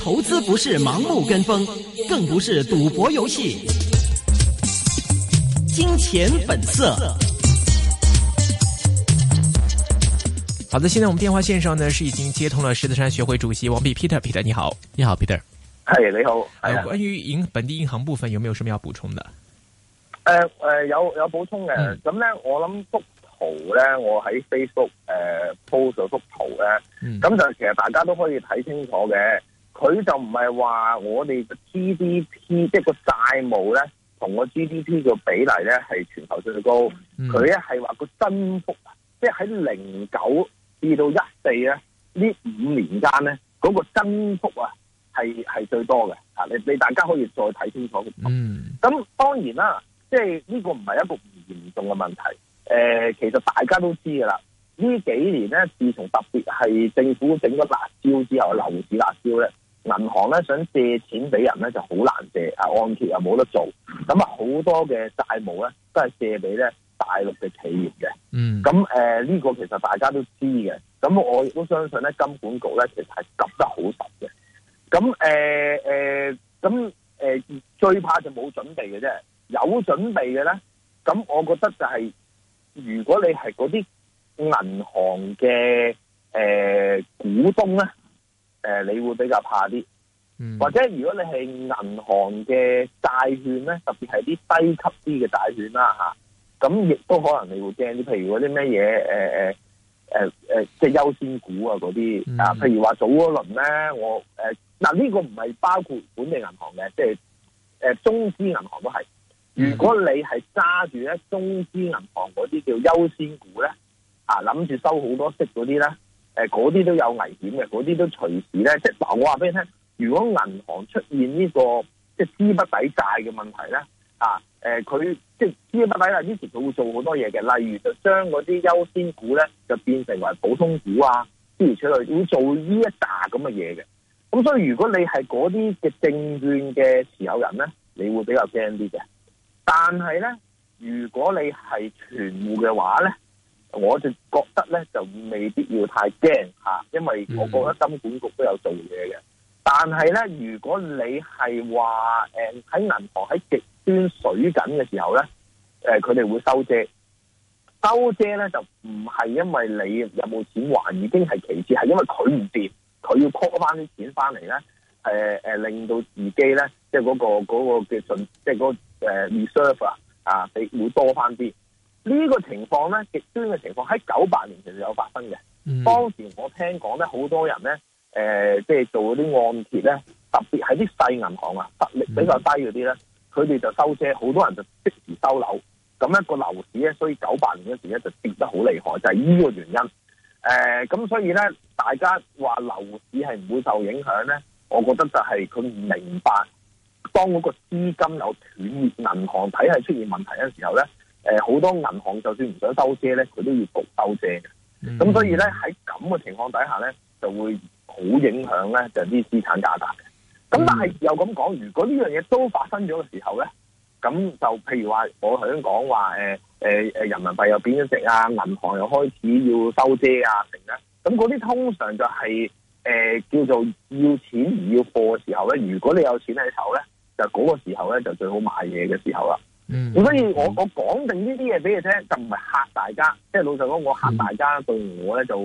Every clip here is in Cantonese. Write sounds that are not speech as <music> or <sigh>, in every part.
投資不是盲目跟風，更不是賭博遊戲。金錢本色。好的，現在我們電話綫上呢是已經接通了獅子山學會主席王弼 Peter，Peter 你好，你好 Peter，係你好，關於銀本地銀行部分，有沒有什麼要補充的？呃，呃有有補充嘅，咁呢我諗都。圖咧，我喺 Facebook 誒 post 咗幅圖咧，咁就其實大家都可以睇清楚嘅。佢就唔係話我哋嘅 GDP 即係個債務咧，同個 GDP 嘅比例咧係全球最高。佢咧係話個增幅啊，即係喺零九至到一四咧呢五年間咧，嗰個增幅啊係係最多嘅啊！你你大家可以再睇清楚嘅。咁、嗯、當然啦，即係呢個唔係一個嚴重嘅問題。誒、呃，其實大家都知嘅啦。呢幾年咧，自從特別係政府整咗辣椒之後，樓市辣椒咧，銀行咧想借錢俾人咧就好難借，啊按揭又冇得做。咁啊，好多嘅債務咧都係借俾咧大陸嘅企業嘅。嗯。咁誒，呢、呃這個其實大家都知嘅。咁我亦都相信咧，金管局咧其實執得好實嘅。咁誒誒、咁、呃、誒、呃呃、最怕就冇準備嘅啫。有準備嘅咧，咁我覺得就係、是。如果你係嗰啲銀行嘅誒、呃、股東咧，誒、呃、你會比較怕啲，嗯，或者如果你係銀行嘅債券咧，特別係啲低級啲嘅債券啦嚇，咁、啊、亦都可能你會驚啲，譬如嗰啲咩嘢誒誒誒誒，即係優先股啊嗰啲、嗯、啊，譬如話早嗰輪咧，我誒嗱呢個唔係包括本地銀行嘅，即係誒中資銀行都係。如果你係揸住咧中資銀行嗰啲叫優先股咧，啊諗住收好多息嗰啲咧，誒嗰啲都有危險嘅，嗰啲都隨時咧，即係嗱我話俾你聽，如果銀行出現呢個即係資不抵債嘅問題咧，啊誒佢、呃、即係資不抵債之前，佢會做好多嘢嘅，例如就將嗰啲優先股咧就變成為普通股啊，諸如此類，要做呢一扎咁嘅嘢嘅。咁所以如果你係嗰啲嘅證券嘅持有人咧，你會比較驚啲嘅。但係咧，如果你係存戶嘅話咧，我就覺得咧就未必要太驚吓，啊，因為我覺得金管局都有做嘢嘅。但係咧，如果你係話誒喺銀行喺極端水緊嘅時候咧，誒佢哋會收遮，收遮咧就唔係因為你有冇錢還已經係其次，係因為佢唔掂，佢要 call 翻啲錢翻嚟咧。誒令到自己咧，即係、那、嗰個嗰、那個嘅信、那個，即係嗰個 reserve 啊，啊，比會多翻啲。呢、這個情況咧，極端嘅情況喺九八年其實有發生嘅。當時我聽講咧，好多人咧、呃，即係做嗰啲按揭咧，特別係啲細銀行啊，息率比較低嗰啲咧，佢哋就收車，好多人就即時收樓。咁一個樓市咧，所以九八年嗰時咧就跌得好厲害，就係、是、呢個原因。誒、呃，咁所以咧，大家話樓市係唔會受影響咧？我覺得就係佢唔明白，當嗰個資金有斷裂，銀行體系出現問題嘅時候咧，誒、呃，好多銀行就算唔想收遮咧，佢都要焗收遮嘅。咁、嗯、所以咧，喺咁嘅情況底下咧，就會好影響咧，就啲、是、資產價格嘅。咁但係又咁講，如果呢樣嘢都發生咗嘅時候咧，咁就譬如話，我頭先講話，誒誒誒，人民幣又貶咗值啊，銀行又開始要收遮啊，成咧，咁嗰啲通常就係、是。誒、呃，叫做要錢唔要貨嘅時候咧，如果你有錢喺手咧，就嗰個時候咧就最好買嘢嘅時候啦。嗯，咁所以我我講定呢啲嘢俾你聽，就唔係吓大家，即係老實講，我吓大家對、嗯、我咧就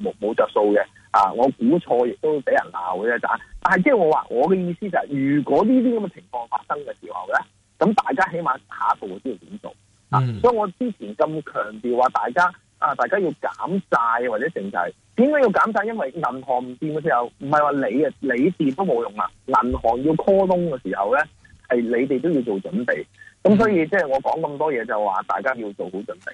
冇冇着數嘅啊，我估錯亦都俾人鬧嘅啫，但係即係我話我嘅意思就係，如果呢啲咁嘅情況發生嘅時候咧，咁大家起碼下一步知道點做、嗯、啊，所以我之前咁強調話大家。啊！大家要減債或者剩債，點解要減債？因為銀行唔掂嘅時候，唔係話你啊，你跌都冇用啦。銀行要 call loan 嘅時候咧，係你哋都要做準備。咁、嗯、所以即係我講咁多嘢，就話大家要做好準備。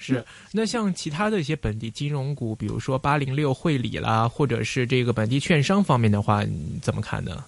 是，那像其他的一些本地金融股，比如說八零六惠理啦，或者是這個本地券商方面的話，你怎麼看呢？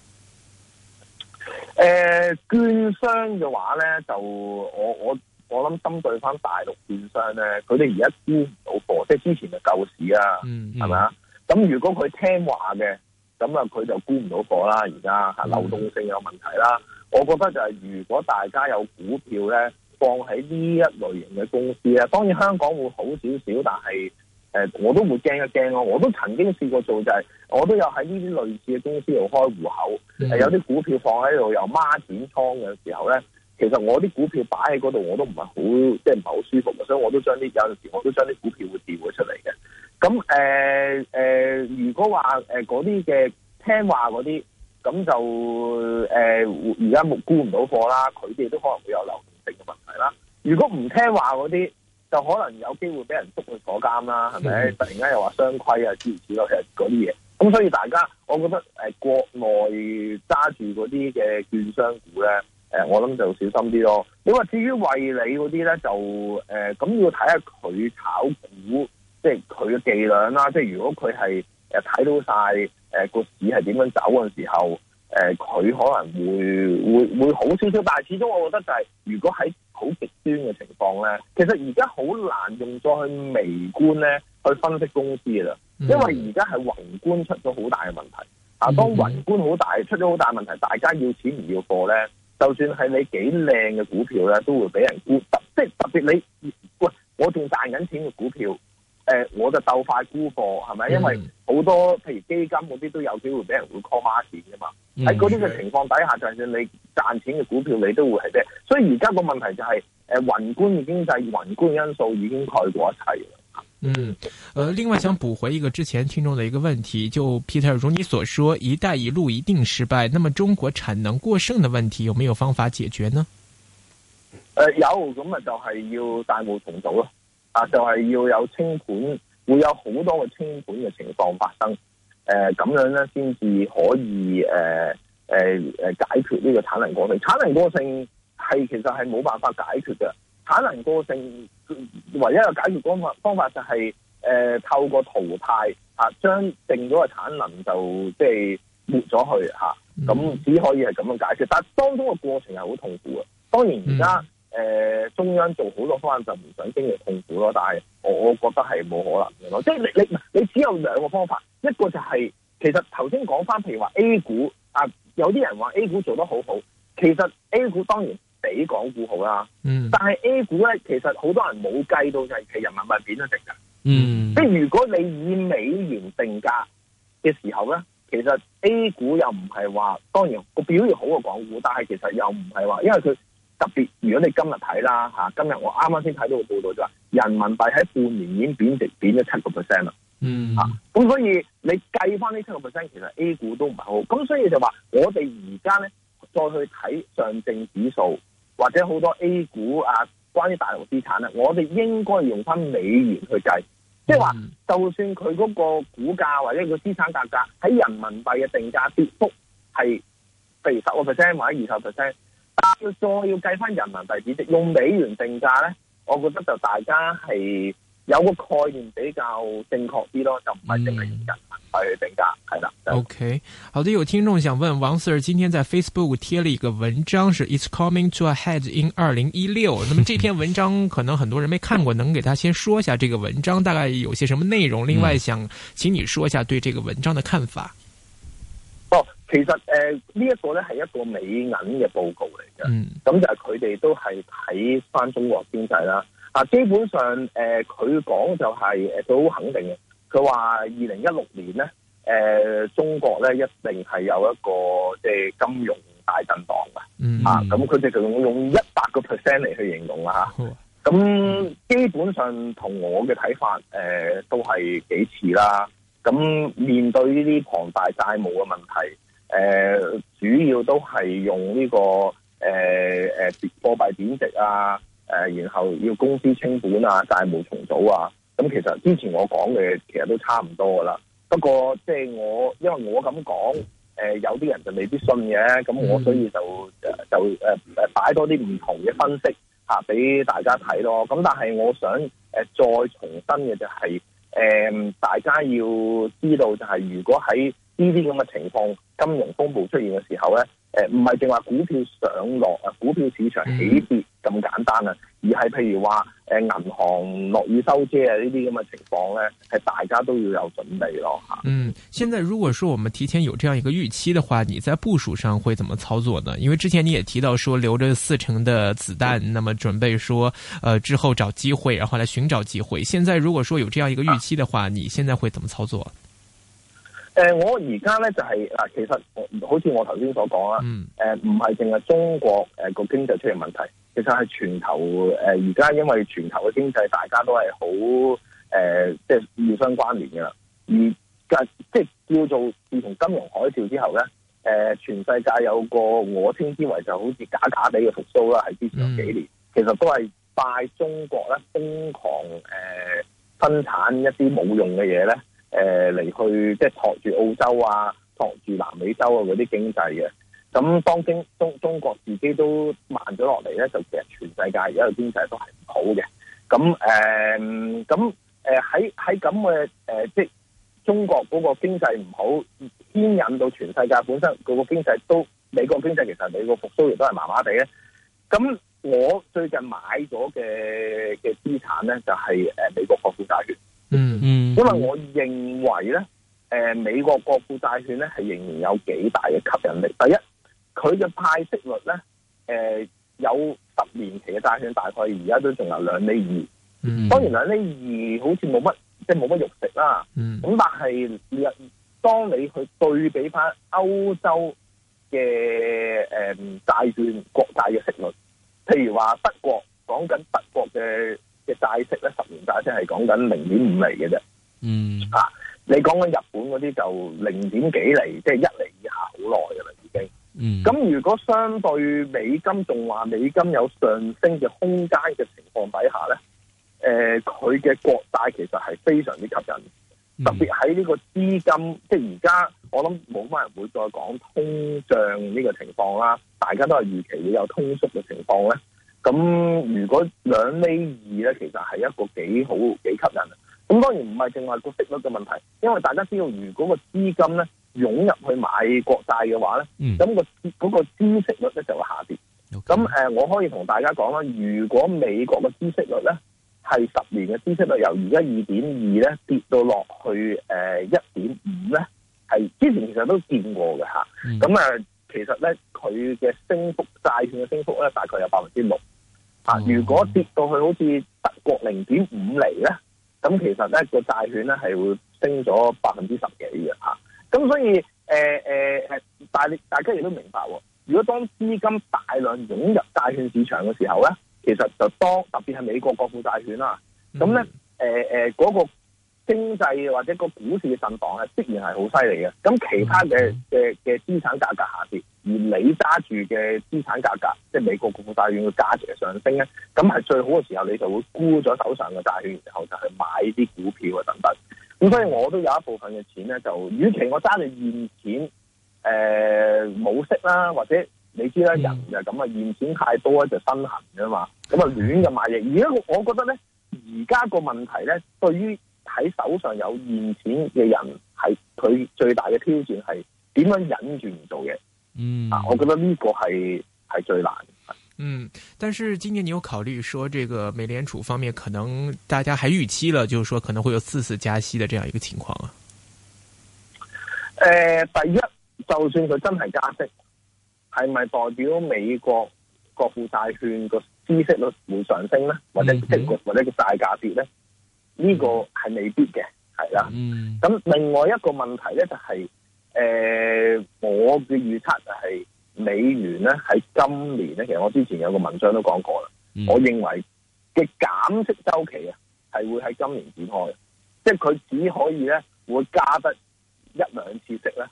誒、呃，券商嘅話咧，就我我。我諗針對翻大陸券商咧，佢哋而家沽唔到貨，即係之前嘅救市啊，係咪啊？咁如果佢聽話嘅，咁啊佢就沽唔到貨啦。而家流動性有問題啦，mm -hmm. 我覺得就係如果大家有股票咧，放喺呢一類型嘅公司咧，當然香港會好少少，但係誒、呃、我都會驚一驚咯。我都曾經試過做、就是，就係我都有喺呢啲類似嘅公司度開戶口，誒、mm -hmm. 呃、有啲股票放喺度又孖展倉嘅時候咧。其實我啲股票擺喺嗰度，我都唔係好，即係唔係好舒服嘅，所以我都將啲有陣時我都將啲股票會調咗出嚟嘅。咁誒誒，如果話誒嗰啲嘅聽話嗰啲，咁就誒而家冇沽唔到貨啦，佢哋都可能會有流動性嘅問題啦。如果唔聽話嗰啲，就可能有機會俾人捉去坐監啦，係咪、嗯？突然間又話雙規啊，諸如此類嗰啲嘢。咁所以大家，我覺得誒、呃、國內揸住嗰啲嘅券商股咧。誒，我諗就要小心啲咯。你話至於為你嗰啲咧，就誒，咁、呃、要睇下佢炒股，即係佢嘅伎倆啦。即係如果佢係誒睇到晒誒個市係點樣走嘅時候，誒、呃、佢可能會會會好少少。但係始終我覺得就係、是、如果喺好極端嘅情況咧，其實而家好難用咗去微觀咧去分析公司啦。因為而家係宏觀出咗好大嘅問題。啊，當宏觀好大出咗好大問題，大家要錢唔要貨咧？就算係你幾靚嘅股票咧，都會俾人沽特，即係特別你喂，我仲賺緊錢嘅股票，誒、呃，我就鬥快沽貨，係咪？Mm. 因為好多譬如基金嗰啲都有機會俾人會 call margin 㗎嘛。喺嗰啲嘅情況底下，就算你賺錢嘅股票，你都會係咩？所以而家個問題就係、是、誒、呃，宏觀經濟、宏觀因素已經蓋過一切了。嗯，呃，另外想補回一個之前聽眾的一個問題，就 Peter，如你所說，一帶一路一定失敗，那麼中國產能過剩的問題有沒有方法解決呢？誒、呃，有，咁啊就係要大規模重組咯，啊，就係、是、要有清盤，會有好多嘅清盤嘅情況發生，誒、呃，咁樣咧先至可以誒誒誒解決呢個產能過剩。產能過剩係其實係冇辦法解決嘅，產能過剩。唯一嘅解決方法方法就係、是、誒、呃、透過淘汰吓，將剩咗嘅產能就即係抹咗去吓，咁、啊、只可以係咁樣解決。但係當中嘅過程係好痛苦嘅。當然而家誒中央做好多方案就唔想經歷痛苦咯，但係我我覺得係冇可能嘅咯、啊。即係你你你只有兩個方法，一個就係、是、其實頭先講翻，譬如話 A 股啊，有啲人話 A 股做得好好，其實 A 股當然。比港股好啦，但係 A 股咧，其實好多人冇計到就係其人民幣貶值噶，即、嗯、係如果你以美元定價嘅時候咧，其實 A 股又唔係話，當然個表現好過港股，但係其實又唔係話，因為佢特別，如果你今日睇啦吓，今日我啱啱先睇到個報道就話、是、人民幣喺半年已經貶值貶咗七個 percent 啦，吓，咁、嗯啊、所以你計翻呢七個 percent，其實 A 股都唔係好，咁所以就話我哋而家咧再去睇上證指數。或者好多 A 股啊，關於大陸資產咧，我哋應該用翻美元去計，即係話，就,是、就算佢嗰個股價或者個資產價格喺人民幣嘅定價跌幅係，譬如十個 percent 或者二十 percent，但係要再要計翻人民幣指數，用美元定價咧，我覺得就大家係有個概念比較正確啲咯，就唔係淨係人民幣。嗯.係定價，係啦。OK，好的，有聽眾想問王 Sir，今天在 Facebook 貼了一個文章，是 It's coming to a head in 二零一六。那麼這篇文章可能很多人沒看過，能給他先說一下這個文章大概有些什麼內容？另外，想請你說一下對這個文章的看法。哦，其實誒呢一個呢係一個美銀嘅報告嚟嘅，嗯，咁就係佢哋都係睇翻中國經濟啦。啊，基本上誒佢講就係、是、誒都很肯定嘅。佢話二零一六年咧，誒、呃、中國咧一定係有一個即係、就是、金融大震盪嘅，mm -hmm. 啊咁佢哋就用用一百個 percent 嚟去形容啦嚇，咁、mm -hmm. 啊、基本上同我嘅睇法誒、呃、都係幾似啦。咁面對呢啲龐大債務嘅問題，誒、呃、主要都係用呢、這個誒誒貨幣貶值啊，誒、呃、然後要公司清盤啊，債務重組啊。咁其實之前我講嘅其實都差唔多噶啦，不過即係我因為我咁講，誒有啲人就未必信嘅，咁我所以就就誒誒擺多啲唔同嘅分析嚇俾大家睇咯。咁但係我想誒再重申嘅就係誒大家要知道，就係如果喺呢啲咁嘅情況金融風暴出現嘅時候咧。唔係淨話股票上落，啊、股票市場起跌咁簡單啊、嗯，而係譬如話誒銀行落雨收遮啊，呢啲咁嘅情況呢，係大家都要有準備咯吓。嗯，現在如果說我們提前有這樣一個預期的話，你在部署上會怎麼操作呢？因為之前你也提到說留着四成的子彈、嗯，那麼準備說，呃之後找機會，然後來尋找機會。現在如果說有這樣一個預期的話、啊，你現在會怎麼操作？誒、呃，我而家咧就係、是、嗱，其實好似我頭先所講啦，誒、呃，唔係淨係中國誒個經濟出現問題，其實係全球誒而家因為全球嘅經濟大家都係好誒，即係互相關聯噶啦。而家即係叫做自從金融海嘯之後咧，誒、呃，全世界有個我稱之為就好似假假地嘅復甦啦，係之前有幾年，嗯、其實都係拜中國咧瘋狂誒、呃、生產一啲冇用嘅嘢咧。誒、呃，嚟去即係托住澳洲啊，托住南美洲啊嗰啲經濟嘅。咁當經中中國自己都慢咗落嚟咧，就其實全世界而家嘅經濟都係唔好嘅。咁誒，咁誒喺喺咁嘅誒，即係、呃呃、中國嗰個經濟唔好，牽引到全世界本身佢個經濟都美國經濟，其實美國復蘇亦都係麻麻地咧。咁我最近買咗嘅嘅資產咧，就係、是、誒美國國庫債券。嗯，因、嗯、為、嗯、我認為咧，誒，美國國庫債券咧係仍然有幾大嘅吸引力。第一，佢嘅派息率咧，誒、呃，有十年期嘅債券，大概而家都仲有兩厘二、嗯。當然兩厘二好似冇乜，即係冇乜肉食啦。咁、嗯、但係，當你去對比翻歐洲嘅誒債券國債嘅息率，譬如話德國，講緊德國嘅。債息咧，十年債息係講緊零點五厘嘅啫，嗯、mm. 啊，吓你講緊日本嗰啲就零點幾厘，即、就、係、是、一厘以下好耐嘅啦，已經，嗯，咁如果相對美金仲話美金有上升嘅空間嘅情況底下咧，誒、呃，佢嘅國債其實係非常之吸引，特別喺呢個資金，mm. 即係而家我諗冇乜人會再講通脹呢個情況啦，大家都係預期會有通縮嘅情況咧。咁如果兩厘二咧，其實係一個幾好、幾吸引。咁當然唔係淨係個息率嘅問題，因為大家知道，如果個資金咧湧入去買國債嘅話咧，咁個嗰個孳息率咧就會下跌。咁誒，我可以同大家講啦，如果美國嘅孳息率咧係十年嘅孳息率由而家二點二咧跌到落去誒一點五咧，係之前其實都見過嘅吓。咁、嗯其實咧，佢嘅升幅債券嘅升幅咧，大概有百分之六啊。如果跌到去好似德國零點五厘咧，咁其實咧個債券咧係會升咗百分之十幾嘅嚇。咁、啊、所以誒誒誒，大大家亦都明白、哦，如果當資金大量湧入債券市場嘅時候咧，其實就當特別係美國國庫債券啦，咁咧誒誒嗰個。經濟或者個股市嘅震盪咧，必然係好犀利嘅。咁其他嘅嘅嘅資產價格下跌，而你揸住嘅資產價格，即係美國國庫債券嘅價值上升咧，咁係最好嘅時候，你就會沽咗手上嘅債券，然後就去買啲股票啊等等。咁所以我都有一部分嘅錢咧，就與其我揸住現錢，誒、呃、冇息啦，或者你知啦，人就咁啊，現錢太多就身痕噶嘛，咁啊亂咁買嘢。而家我覺得咧，而家個問題咧，對於喺手上有現錢嘅人，係佢最大嘅挑戰，係點樣忍住唔到嘅？嗯，啊，我覺得呢個係係最難的。嗯，但是今年你有考慮，說這個美聯儲方面，可能大家還預期了，就是說可能會有四次加息的這樣一個情況啊。誒、呃，第一，就算佢真係加息，係咪代表美國國庫債券個孳息率會上升呢？或者即、嗯、或者個債價跌呢？呢、這個係未必嘅，係啦。咁、嗯、另外一個問題咧就係、是，誒、呃，我嘅預測就係美元咧喺今年咧，其實我之前有個文章都講過啦、嗯。我認為嘅減息週期啊，係會喺今年展開嘅，即係佢只可以咧會加得一兩次息咧，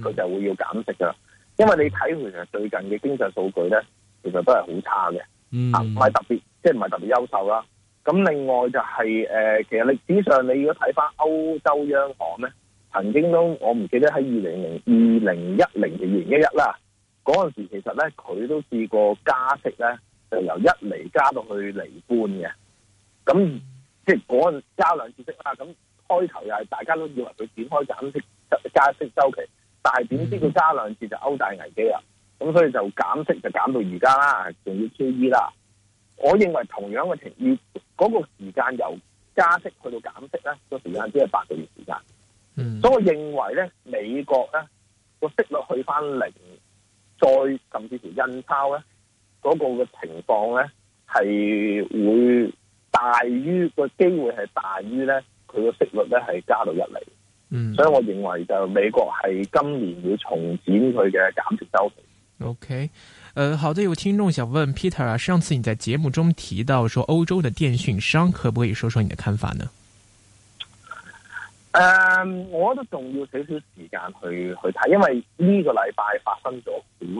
佢就會要減息噶啦。因為你睇佢其實最近嘅經濟數據咧，其實都係好差嘅、嗯，啊，唔係特別，即係唔係特別優秀啦。咁另外就係、是、誒、呃，其實歷史上你如果睇翻歐洲央行咧，曾經都我唔記得喺二零零二零一零年二零一一啦，嗰陣時其實咧佢都試過加息咧，就由一厘加到去厘半嘅。咁即係嗰陣加兩次息啦，咁開頭又係大家都以為佢展開減息加息周期，但係點知佢加兩次就歐債危機啦，咁所以就減息就減到而家啦，仲要 QE 啦。我認為同樣嘅情意，嗰個時間由加息去到減息咧，那個時間只係八個月時間。嗯，所以我認為咧，美國咧個息率去翻零，再甚至乎印鈔咧嗰個嘅情況咧，係會大於個機會係大於咧佢個息率咧係加到一釐。嗯，所以我認為就美國係今年要重展佢嘅減息周期。O K。誒、呃，好的，有聽眾想問 Peter 啊，上次你在節目中提到說歐洲的電訊商，可唔可以說說你的看法呢？誒、嗯，我覺得仲要少少時間去去睇，因為呢個禮拜發生咗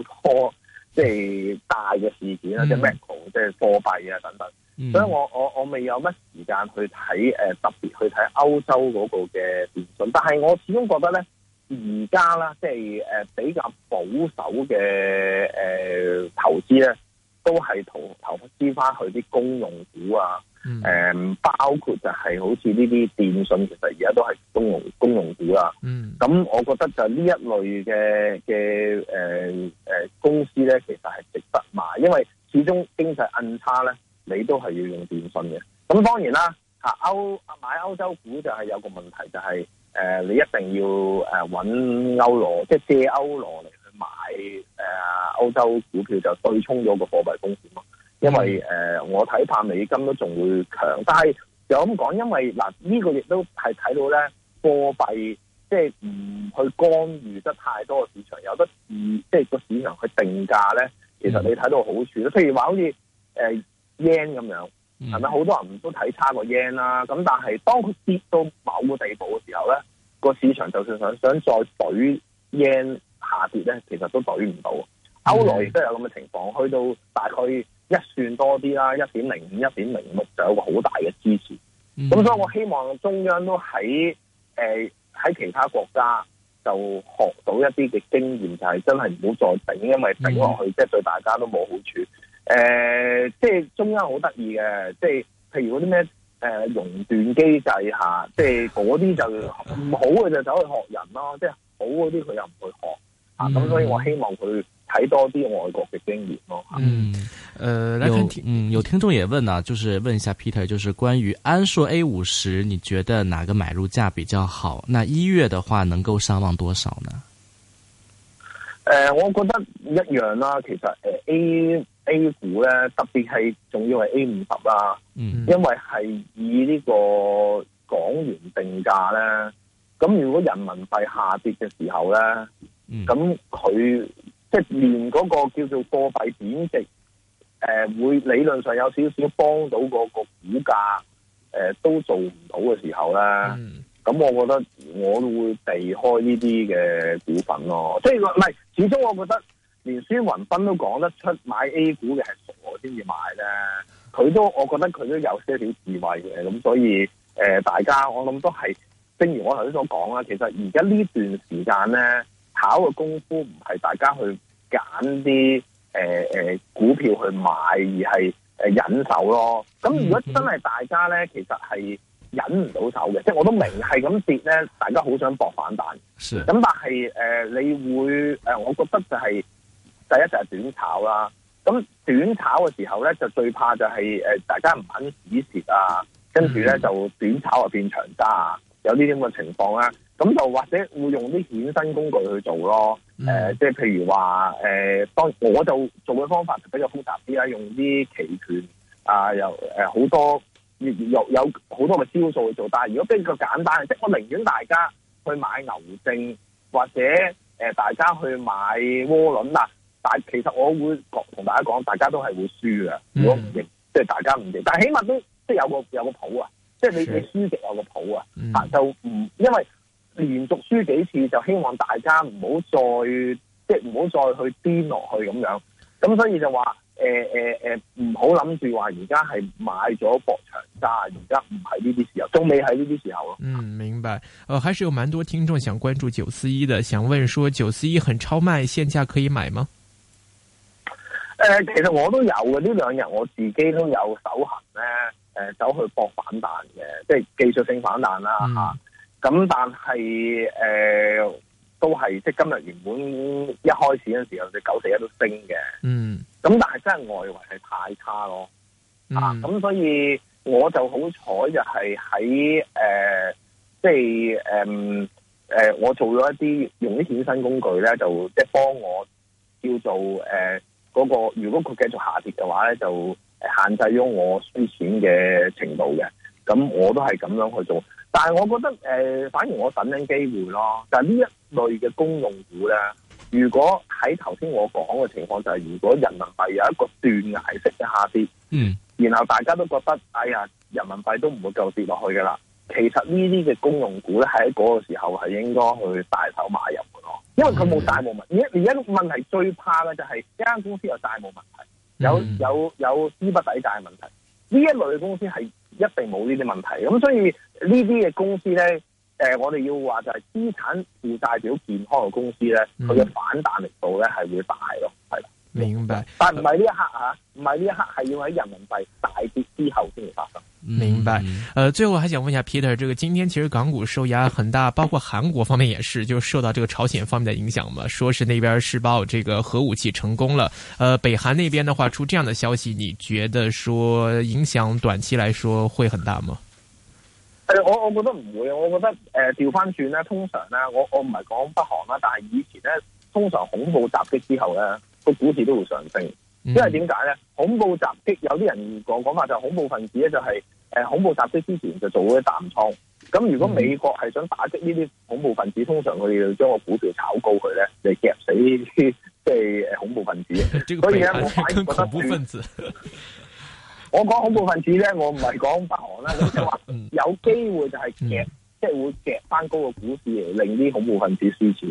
好多即係、就是、大嘅事件啦、嗯，即係 Macro 即係貨幣啊等等、嗯，所以我我我未有乜時間去睇誒、呃、特別去睇歐洲嗰個嘅電訊，但係我始終覺得咧。而家啦，即係誒，比較保守嘅誒投資咧，都係投投資翻去啲公用股啊，誒，包括就係好似呢啲電信，其實而家都係公用公用股啊。咁我覺得就呢一類嘅嘅誒誒公司咧，其實係值得買，因為始終經濟暗差咧，你都係要用電信嘅。咁當然啦，啊歐買歐洲股就係有個問題就係，是。誒、呃，你一定要誒揾歐羅，即係借歐羅嚟，去買誒歐、呃、洲股票，就對沖咗個貨幣風險咯。因為誒、呃，我睇怕美金都仲會強，但係就咁講，因為嗱、呃這個、呢個亦都係睇到咧，貨幣即係唔去干預得太多嘅市場，有得二，即、嗯、係、就是、個市場去定價咧，其實你睇到好處咯。譬如話好似誒 yen 咁樣。係咪好多人都睇差個 yen 啦？咁但係當佢跌到某個地步嘅時候咧，個市場就算想想再懟 yen 下跌咧，其實都懟唔到。歐羅亦都有咁嘅情況，去到大概一算多啲啦，一點零五、一點零六就有一個好大嘅支持。咁、嗯、所以我希望中央都喺誒喺其他國家就學到一啲嘅經驗，就係、是、真係唔好再頂，因為頂落去即係、嗯就是、對大家都冇好處。誒、呃，即係中央好得意嘅，即係譬如嗰啲咩誒熔斷機制下，即係嗰啲就唔好嘅就走去學人咯，即、嗯、係好嗰啲佢又唔去學、嗯、啊。咁所以我希望佢睇多啲外國嘅經驗咯。嗯，誒、呃，有嗯有聽眾也問啊，就是問一下 Peter，就是關於安碩 A 五十，你覺得哪個買入價比較好？那一月的話能夠上望多少呢？誒、呃，我覺得一樣啦。其實誒，A A 股咧，特別係仲要係 A 五十啦。嗯，因為係以呢個港元定價咧，咁如果人民幣下跌嘅時候咧，咁、嗯、佢即係連嗰個叫做貨幣貶值，誒、呃，會理論上有少少幫到嗰個股價，誒、呃，都做唔到嘅時候咧。嗯咁我覺得我會避開呢啲嘅股份咯，即係唔係始終我覺得連孫雲斌都講得出買 A 股嘅係傻先至買咧，佢都我覺得佢都有些少智慧嘅，咁所以、呃、大家我諗都係，正如我頭先所講啦，其實而家呢段時間咧，考嘅功夫唔係大家去揀啲誒股票去買，而係誒忍手咯。咁如果真係大家咧，其實係。忍唔到手嘅，即係我都明係咁跌咧，大家好想搏反彈，咁但係誒、呃，你會，誒，我覺得就係、是，第一就係短炒啦。咁短炒嘅時候咧，就最怕就係、是、誒、呃、大家唔肯止蝕啊，跟住咧就短炒就變長揸，有呢啲咁嘅情況啦、啊。咁就或者會用啲衍生工具去做咯。誒、嗯、即、呃、係譬如話，誒、呃，當我就做嘅方法就比較複雜啲啦，用啲期權啊，又誒好多。有有好多嘅招數去做，但係如果比較簡單，即係我寧願大家去買牛證，或者誒大家去買窩輪啦。但係其實我會同大家講，大家都係會輸嘅，如果唔認，即係大家唔認。但係起碼都即係有個有個譜啊，即係你，sure. 你輸蝕有個譜啊，就唔因為連續輸幾次，就希望大家唔好再即係唔好再去癲落去咁樣，咁所以就話。誒誒誒，唔好諗住話而家係買咗博長揸，而家唔係呢啲時候，都未喺呢啲時候咯。嗯，明白。誒、呃，還是有蠻多聽眾想關注九四一嘅，想問說九四一很超賣，現價可以買嗎？誒、呃，其實我都有㗎，呢兩日我自己都有手痕咧，誒、呃，走去博反彈嘅，即係技術性反彈啦吓。咁、嗯啊、但係誒。呃都係即係今日原本一開始嗰陣時候，對九四一都升嘅。嗯，咁但係真係外圍係太差咯。Mm. 啊，咁所以我就好彩就係喺誒，即係誒誒，我做咗一啲用啲衍生工具咧，就即係、就係、幫我叫做誒嗰、呃嗰個，如果佢繼續下跌嘅話咧，就限制咗我輸錢嘅程度嘅。咁我都係咁樣去做。但係，我覺得誒、呃，反而我等緊機會咯。就呢、是、一類嘅公用股咧，如果喺頭先我講嘅情況，就係、是、如果人民幣有一個斷崖式嘅下跌，嗯，然後大家都覺得哎呀，人民幣都唔會夠跌落去噶啦。其實呢啲嘅公用股咧，喺嗰個時候係應該去大手買入嘅咯，因為佢冇債務問。而而家問題最怕嘅就係一間公司有債務問題，有、嗯、有有資不抵債嘅問題。呢一類嘅公司係。一定冇呢啲問題，咁所以呢啲嘅公司咧，誒、呃，我哋要話就係資產負債表健康嘅公司咧，佢嘅反彈力度咧係會大咯，係。明白，但唔係呢一刻啊，唔係呢一刻係要喺人民幣大跌之後先會發生。明白，誒、嗯，呃，最後還想問一下 Peter，這個今天其實港股受壓很大，包括韓國方面也是，就受到這個朝鮮方面的影響嘛，說是那邊試爆這個核武器成功了。誒、呃，北韓那邊的話出這樣的消息，你覺得說影響短期來說會很大嗎？誒，我我覺得唔會，我覺得誒調返轉咧，通常咧，我我唔係講北韓啦，但係以前呢，通常恐怖襲擊之後呢。個股市都會上升，因為點解咧？恐怖襲擊有啲人講講法就係，恐怖分子咧，就係就係誒恐怖襲擊之前就做咗啲淡倉。咁如果美國係想打擊呢啲恐怖分子，通常佢哋要將個股票炒高佢咧，就夾死呢啲即係誒恐怖分子。 <laughs> 所以咧，我反而覺得恐怖分子。 <laughs> 我講恐怖分子咧，我唔係講北韓啦，咁就話，是，有機會就係夾， <laughs> 嗯，即係會夾翻高個股市嚟令啲恐怖分子輸錢。